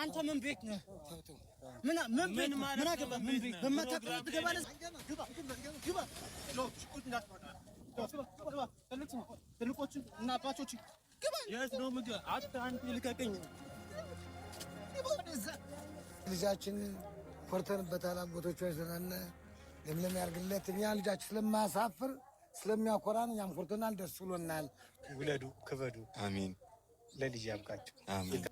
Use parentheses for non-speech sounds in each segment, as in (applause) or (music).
አንተ ምን ቤት ነህ? ምን ልጃችን ኮርተንበታል። አጎቶቹ ለምለም ያርግለት። እኛ ልጃችን ስለማያሳፍር ስለሚያኮራን እኛም ኮርተናል፣ ደስ ብሎናል። ውለዱ፣ ክበዱ። አሚን ለልጅ ያብቃችሁ። አሚን።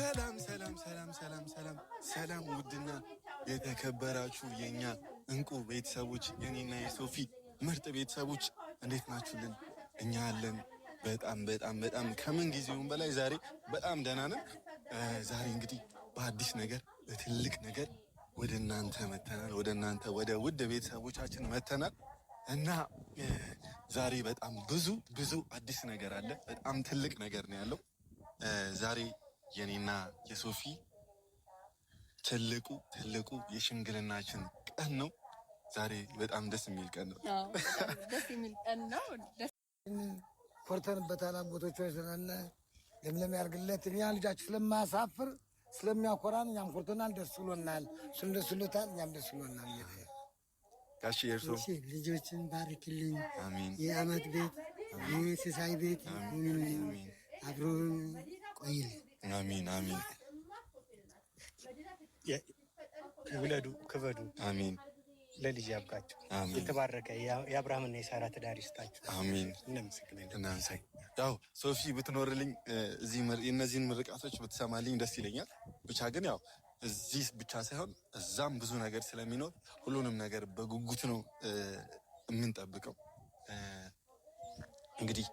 ሰላም ሰላም ሰላም ሰላም ሰላም ሰላም ውድና የተከበራችሁ የኛ እንቁ ቤተሰቦች የኔና የሶፊ ምርጥ ቤተሰቦች እንዴት ናችሁልን? እኛ አለን በጣም በጣም በጣም ከምን ጊዜውም በላይ ዛሬ በጣም ደህና ነን። ዛሬ እንግዲህ በአዲስ ነገር በትልቅ ነገር ወደ እናንተ መተናል። ወደ እናንተ ወደ ውድ ቤተሰቦቻችን መተናል እና ዛሬ በጣም ብዙ ብዙ አዲስ ነገር አለ። በጣም ትልቅ ነገር ነው ያለው ዛሬ የኔና የሶፊ ትልቁ ትልቁ የሽምግልናችን ቀን ነው ዛሬ። በጣም ደስ የሚል ቀን ነው። ደስ የሚል ቀን ነው። ኮርተንበታል። አጎቶች ስለነ ለምለም ያርግለት። እኛ ልጃችን ስለማያሳፍር ስለሚያኮራን እኛም ኮርተናል፣ ደስ ብሎናል። እሱም ደስ ብሎታል፣ እኛም ደስ ብሎናል። ጋሽ የእርሶ ልጆችን ባርክልኝ። የአመት ቤት ሲሳይ ቤት አብሮን ቆይል አሚን አሚን። ውለዱ፣ ክበዱ። አሚን። ለልጅ ያብቃችሁ። የተባረከ የአብርሃምና የሳራ ትዳር ይስጣችሁ። አሚን። እናመሰግናለን። ያው ሶፊ ብትኖርልኝ እዚህ እነዚህን ምርቃቶች ብትሰማልኝ ደስ ይለኛል። ብቻ ግን ያው እዚህ ብቻ ሳይሆን እዛም ብዙ ነገር ስለሚኖር ሁሉንም ነገር በጉጉት ነው የምንጠብቀው። እንግዲህ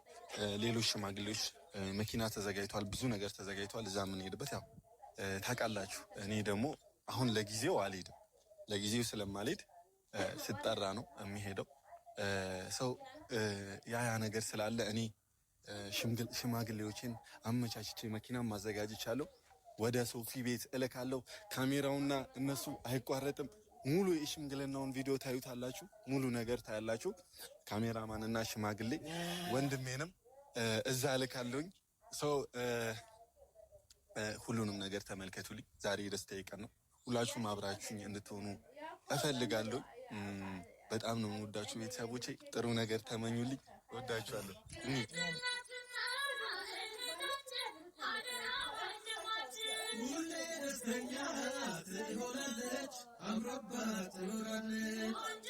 ሌሎች ሽማግሌዎች መኪና ተዘጋጅቷል፣ ብዙ ነገር ተዘጋጅቷል። እዛ የምንሄድበት ያው ታውቃላችሁ። እኔ ደግሞ አሁን ለጊዜው አልሄድም። ለጊዜው ስለማልሄድ ስጠራ ነው የሚሄደው ሰው ያ ያ ነገር ስላለ እኔ ሽማግሌዎችን አመቻችቼ መኪና ማዘጋጅቻለሁ። ወደ ሶፊ ቤት እልካለሁ። ካሜራውና እነሱ አይቋረጥም። ሙሉ የሽምግልናውን ቪዲዮ ታዩታላችሁ። ሙሉ ነገር ታያላችሁ። ካሜራማንና ሽማግሌ ወንድሜንም እዛ እልካለሁኝ። ሰው ሁሉንም ነገር ተመልከቱልኝ። ዛሬ የደስታዬ ቀን ነው። ሁላችሁም አብራችሁኝ እንድትሆኑ እፈልጋለሁ። በጣም ነው የምወዳችሁ ቤተሰቦቼ። ጥሩ ነገር ተመኙልኝ። እወዳችኋለሁ። ደስተኛ ትሆናለች፣ አምሮባት ትኖራለች።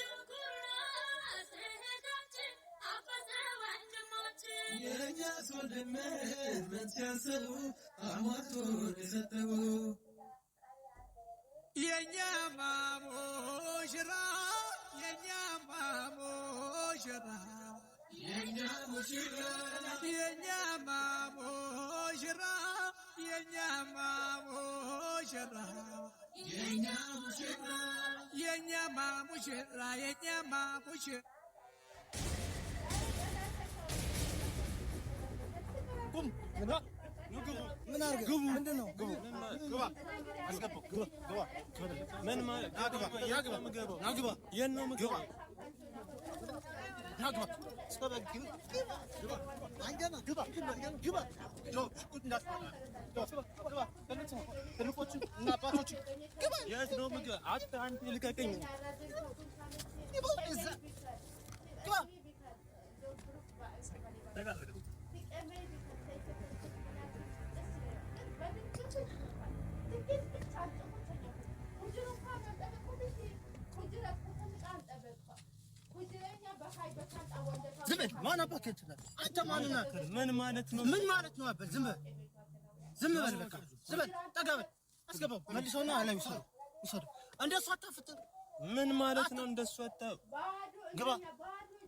ያገኛት ወንድምህን ምን ሲያስቡ አሟቱን የሰጠው የኛማ ሙሽራ የኛማ ሙሽራ የኛማ ሙሽራ የኛማ ሙሽራ የኛማ ሙሽራ የኛማ ሙሽራ 뿜. 누나. 누나. 그부. 안되노. 그부. 그봐. 아스카포. 그봐. 그봐. 맨마. 나 그봐. 야 그봐. 나 그봐. 옛놈 그봐. 나 그봐. 스카바 그봐. 그봐. 안잖아. 그봐. 그봐. 저 축구 나. 저 그봐. 벨루치. 벨루치. 나 빠르치. 그봐. 예스 너무 그 아트 한 필까 땡. 그봐. 그봐. 내가 그래. ዝም በል። ማን አባክህ አንተ ማን ምን ማለት ነው? ምን ማለት ነው? አበል ዝም በል፣ ዝም በል፣ በቃ ዝም በል። ጠጋ በል፣ አስገባው መልሶና አለ ይሰሩ ይሰሩ። እንደሱ ምን ማለት ነው? እንደሱ አታ ግባ።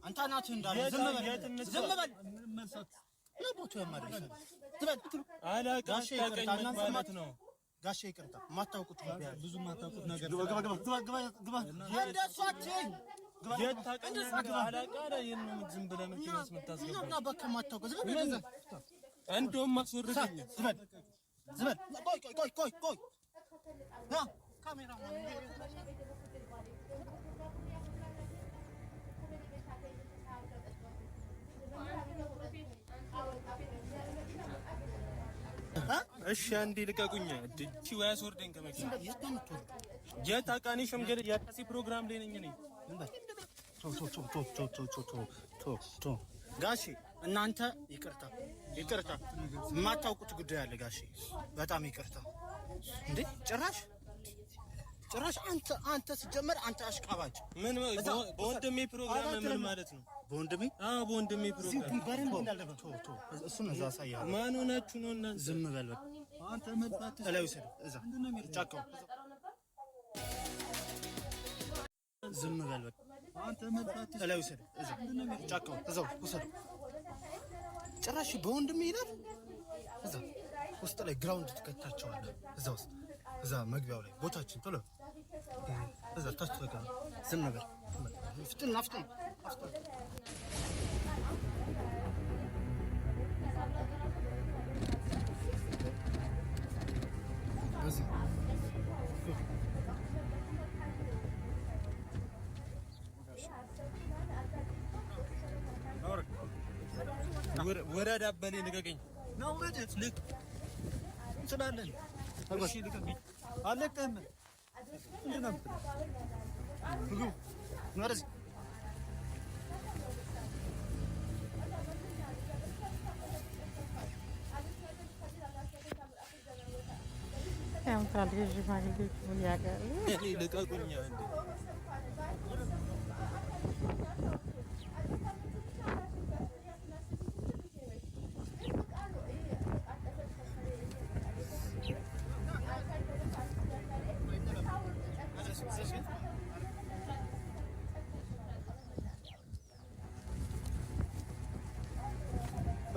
አንተ እንዳለ ዝም በል፣ ዝም በል። ምን ቦቱ ዝም በል። ማለት ነው። ጋሼ ይቅርታ፣ ማታውቁት ብዙ ማታውቁት ነገር ግባ፣ ግባ፣ ግባ፣ ግባ። እንደሱ አትይኝ የት ታውቃለህ? ዝም ብለህ መኪና ውስጥ የምታስገባው እንደውም አስወርደኝ። ዝም በል ቆይ ቆይ ቆይ እሺ አንዴ ልቀቁኝ። ድቺ ወይ አስወርደኝ ከመኪና የት ታውቃለህ? ፕሮግራም ላይ ነኝ እኔ ጋሺ እናንተ ይቅርታ ይቅርታ፣ የማታውቁት ጉዳይ አለ ጋሺ፣ በጣም ይቅርታ። እንዴ ጭራሽ ጭራሽ አንተ አንተ ስጀመር አንተ አሽቃባጭ ምን በወንድሜ ፕሮግራም ምን ማለት ነው? በወንድሜ አዎ፣ በወንድሜ ፕሮግራም በረን ሳያ ማን ሆናችሁ ነው? እና ዝም በል በቃ አንተ ምን ባትስ እላዩ እዛ ጫካው ዝም በል በቃ እላይ ውሰድ፣ ጫካው እዛው ውሰድ። ጭራሽ በወንድም ይሄዳል። እዛ ውስጥ ላይ ግራውንድ ትከታቸዋለህ። እዛ ውስጥ እዛ መግቢያው ላይ ቦታችን ቶሎ እዛ ታች ተጋ ዝም ነገር ፍጥን አፍጥን አፍጥን እዚህ ወረዳ በኔ ንገገኝ ነው ወደት ልክ እንችላለን። እሺ ልቀኝ አለቀህም እንደነበር ብዙ ወረዚ ያምታል ልጅ ማለት ልጅ ያቀርብ ልቀቁኝ እንዴ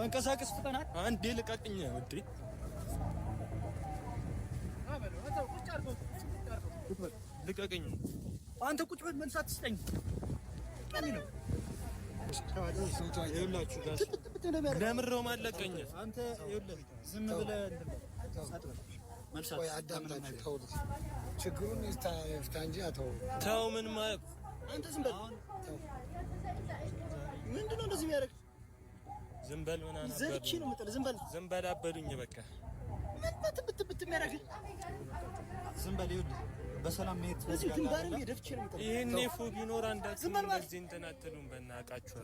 መንቀሳቀስ ፍጠናል። አንዴ ልቀቅኝ ውዴ። ልቀቅኝ አንተ ቁጭ በል። መልስ ስጠኝ። ለምረው ማለቀኝ አንተ ዝም ብለህ ችግሩን ይፍታ እንጂ አተው ተው። ምን ማለት አንተ ዝም በል። ምንድን ነው እንደዚህ ዝም በል ምናምን ዘርቼ ነው የምጥል። ዝም በል አበዱኝ። በቃ ምን ብት ብት የሚያደርግህ ዝም በል ይኸውልህ፣ በሰላም መሄድ ስለዚህ ግንባርም የደፍቼ ነው የምጥል። ይሄኔ ፎ ቢኖር አንዳችሁም እንደዚህ እንትን አትሉም። በእናትህ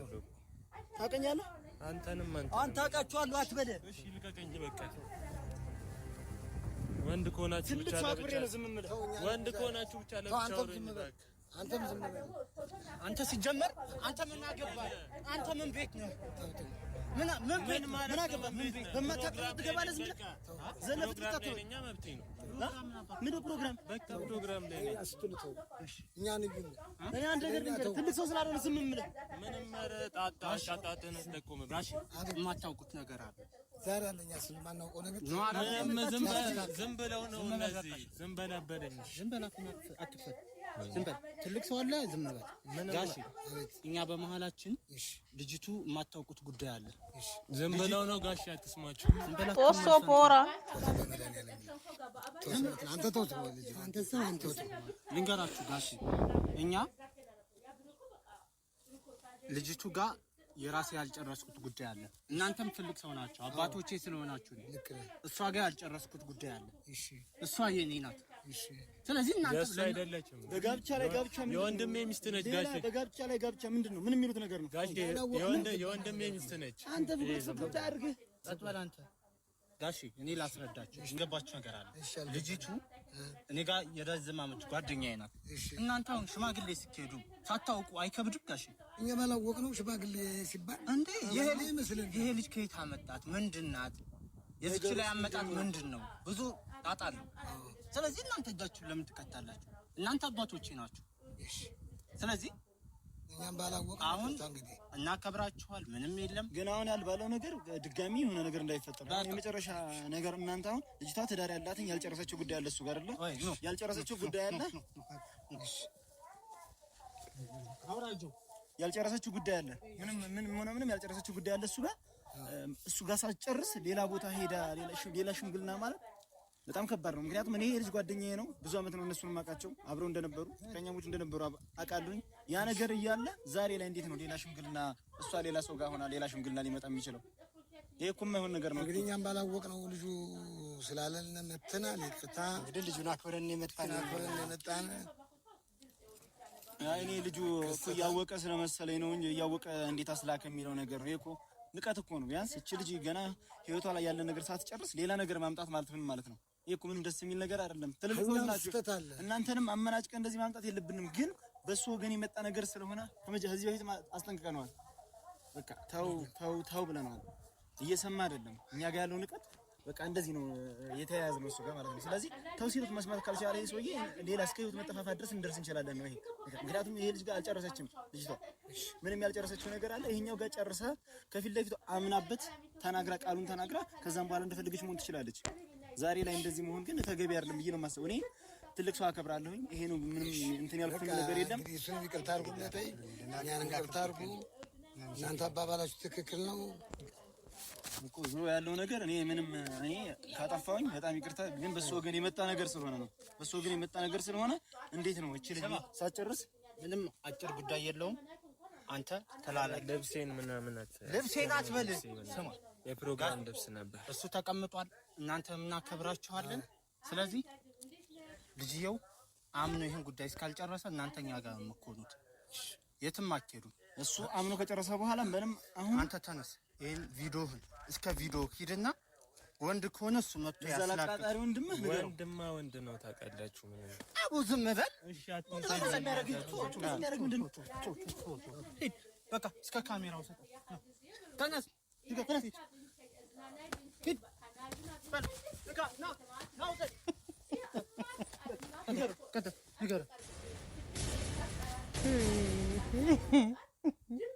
ታውቀኛለህ። አንተንም አንተ አንተ አውቃችኋለሁ አትበል። እሺ ልቀቀኝ በቃ ወንድ ከሆናችሁ ብቻ ወንድ ከሆናችሁ ብቻ ለብቻው አንተም ዝም በል አንተ ሲጀመር አንተ ምን አገባህ? አንተ ምን ቤት ነው ምን ምን ምን አገባህ? በማታውቀው ትገባለህ። ዝም ብለህ ዘለፍ ትጣጣ ነው። ምን ፕሮግራም በቃ ፕሮግራም ላይ ነው። አስጥልተው እኛ ንግዱ እኔ አንድ ነገር ልንገርህ፣ ትልቅ ሰው ስላልሆነ ዝም የምልህ ምንም ጣጣ ጣጣተን ተቆመ ብራሽ የማታውቁት ነገር አለ ዛሬ አለ። እኛ ስለማናውቀው ነገር ዝም ብለው ነው እነዚህ ዝም በለበለኝ ዝም በላፍና አትፈት ዝም በል ትልቅ ሰው አለ። ዝም በል ጋሽ፣ እኛ በመሀላችን ልጅቱ የማታውቁት ጉዳይ አለ። ዝም ብለው ነው ጋሽ፣ አትስማችሁ። ጦሶ ልንገራችሁ ጋሽ፣ እኛ ልጅቱ ጋር የራሴ ያልጨረስኩት ጉዳይ አለ። እናንተም ትልቅ ሰው ናቸው አባቶቼ ስለሆናችሁ፣ እሷ ጋር ያልጨረስኩት ጉዳይ አለ። እሷ የኔ ናት። ስለዚህ እናንተ አይደለችም። በጋብቻ ላይ ጋብቻ ምንድን ነው? የወንድሜ ሚስት ነች። ጋሽ በጋብቻ ላይ ጋብቻ ምንድን ነው? ምን የሚሉት ነገር ነው? ጋሽ የወንድሜ ሚስት ነች። አንተ ጋሽ እኔ ላስረዳችሁ እንገባችሁ ነገር አለ። ልጅቱ እኔ ጋር የረዘማመች ጓደኛዬ ናት። እናንተ አሁን ሽማግሌ ስትሄዱ ሳታውቁ አይከብድም? ጋሽ እኛ ባላወቅ ነው ሽማግሌ ሲባል እንዴ! ይሄ ልጅ ከየት አመጣት? ምንድን ናት? የዚች ላይ አመጣት ምንድን ነው? ብዙ ጣጣ አለው። ስለዚህ እናንተ እጃችሁ ለምን ትቀጣላችሁ? እናንተ አባቶቼ ናችሁ። ስለዚህ እኛም ባላወቅ አሁን እናከብራችኋል። ምንም የለም ግን አሁን ያልባለው ነገር ድጋሚ የሆነ ነገር እንዳይፈጠር የመጨረሻ ነገር እናንተ አሁን ልጅቷ ትዳር ያላትኝ ያልጨረሰችው ጉዳይ አለ እሱ ጋር አለ ያልጨረሰችው ጉዳይ አለ ያልጨረሰችው ጉዳይ አለ ምንም ምንም ሆነ ምንም ያልጨረሰችው ጉዳይ አለ እሱ ጋር እሱ ጋር ሳትጨርስ ሌላ ቦታ ሄዳ ሌላ ሽምግልና ማለት በጣም ከባድ ነው። ምክንያቱም እኔ የልጅ ጓደኛዬ ነው፣ ብዙ አመት ነው እነሱን የማውቃቸው አብረው እንደነበሩ ከኛ ውጭ እንደነበሩ አውቃለሁኝ። ያ ነገር እያለ ዛሬ ላይ እንዴት ነው ሌላ ሽምግልና፣ እሷ ሌላ ሰው ጋር ሆና ሌላ ሽምግልና ሊመጣ የሚችለው? ይህ እኮ የማይሆን ነገር ነው። እንግዲህ እኛም ባላወቅ ነው ልጁ ስላለን መተናል። ይቅርታ እንግዲህ ልጁን አክብረን የመጣን አክብረን የመጣን እኔ ልጁ እኮ እያወቀ ስለመሰለኝ ነው እንጂ እያወቀ እንዴት አስላከ የሚለው ነገር ነው እኮ ንቀት እኮ ነው። ቢያንስ እቺ ልጅ ገና ህይወቷ ላይ ያለ ነገር ሳትጨርስ ሌላ ነገር ማምጣት ማለት ምን ማለት ነው? ይሄ ምንም ደስ የሚል ነገር አይደለም። ትልልቅ እናንተንም አመናጭቀ እንደዚህ ማምጣት የለብንም፣ ግን በሱ ወገን የመጣ ነገር ስለሆነ ከዚህ በፊት አስጠንቅቀነዋል። በቃ ተው ተው ተው ብለናል። እየሰማ አይደለም። እኛ ጋር ያለው ንቀት በቃ እንደዚህ ነው የተያያዘ ነው እሱ ጋር ማለት ነው። ስለዚህ ተው ሲሉት መስማት ካልቻለ ይሄ ሰውዬ ሌላ እስከ ህይወት መጠፋፋት ድረስ እንደርስ እንችላለን ነው ይሄ። ምክንያቱም ይሄ ልጅ ጋር አልጨረሰችም ልጅቷ ምንም ያልጨረሰችው ነገር አለ። ይሄኛው ጋር ጨርሳ ከፊት ለፊቱ አምናበት ተናግራ ቃሉን ተናግራ ከዛም በኋላ እንደፈለገች መሆን ትችላለች። ዛሬ ላይ እንደዚህ መሆን ግን ተገቢ አይደለም ብዬ ነው የማስበው። እኔ ትልቅ ሰው አከብራለሁኝ። ይሄ ነው ምንም እንትን ያልኩት ነገር የለም። እሱን ይቅርታ አድርጉ፣ ይቅርታ አድርጉ። እናንተ አባባላችሁ ትክክል ነው እኮ ዞሮ ያለው ነገር እኔ ምንም እኔ ካጠፋሁኝ በጣም ይቅርታ። ግን በሱ ወገን የመጣ ነገር ስለሆነ ነው በሱ ወገን የመጣ ነገር ስለሆነ እንዴት ነው እችል ሳጨርስ ምንም አጭር ጉዳይ የለውም አንተ ተላላቂ ልብሴን ምናምን ልብሴን አትበል። ስማ የፕሮግራም ልብስ ነበር እሱ ተቀምጧል። እናንተ እናከብራችኋለን። ስለዚህ ልጅየው አምኖ ይህን ጉዳይ እስካልጨረሰ እናንተኛ ጋር የምትሆኑት የትም አትሄዱ። እሱ አምኖ ከጨረሰ በኋላ ምንም አሁን አንተ ተነስ፣ ይህን ቪዲዮህን እስከ ቪዲዮ ሂድና ወንድ ከሆነ እሱ መጥቶ ያስላቀጣሪ ወንድም ወንድማ ወንድ ነው። ታውቃላችሁ ምን አቡ ዝም በል እሺ። በቃ እስከ ካሜራው ተነስ (laughs)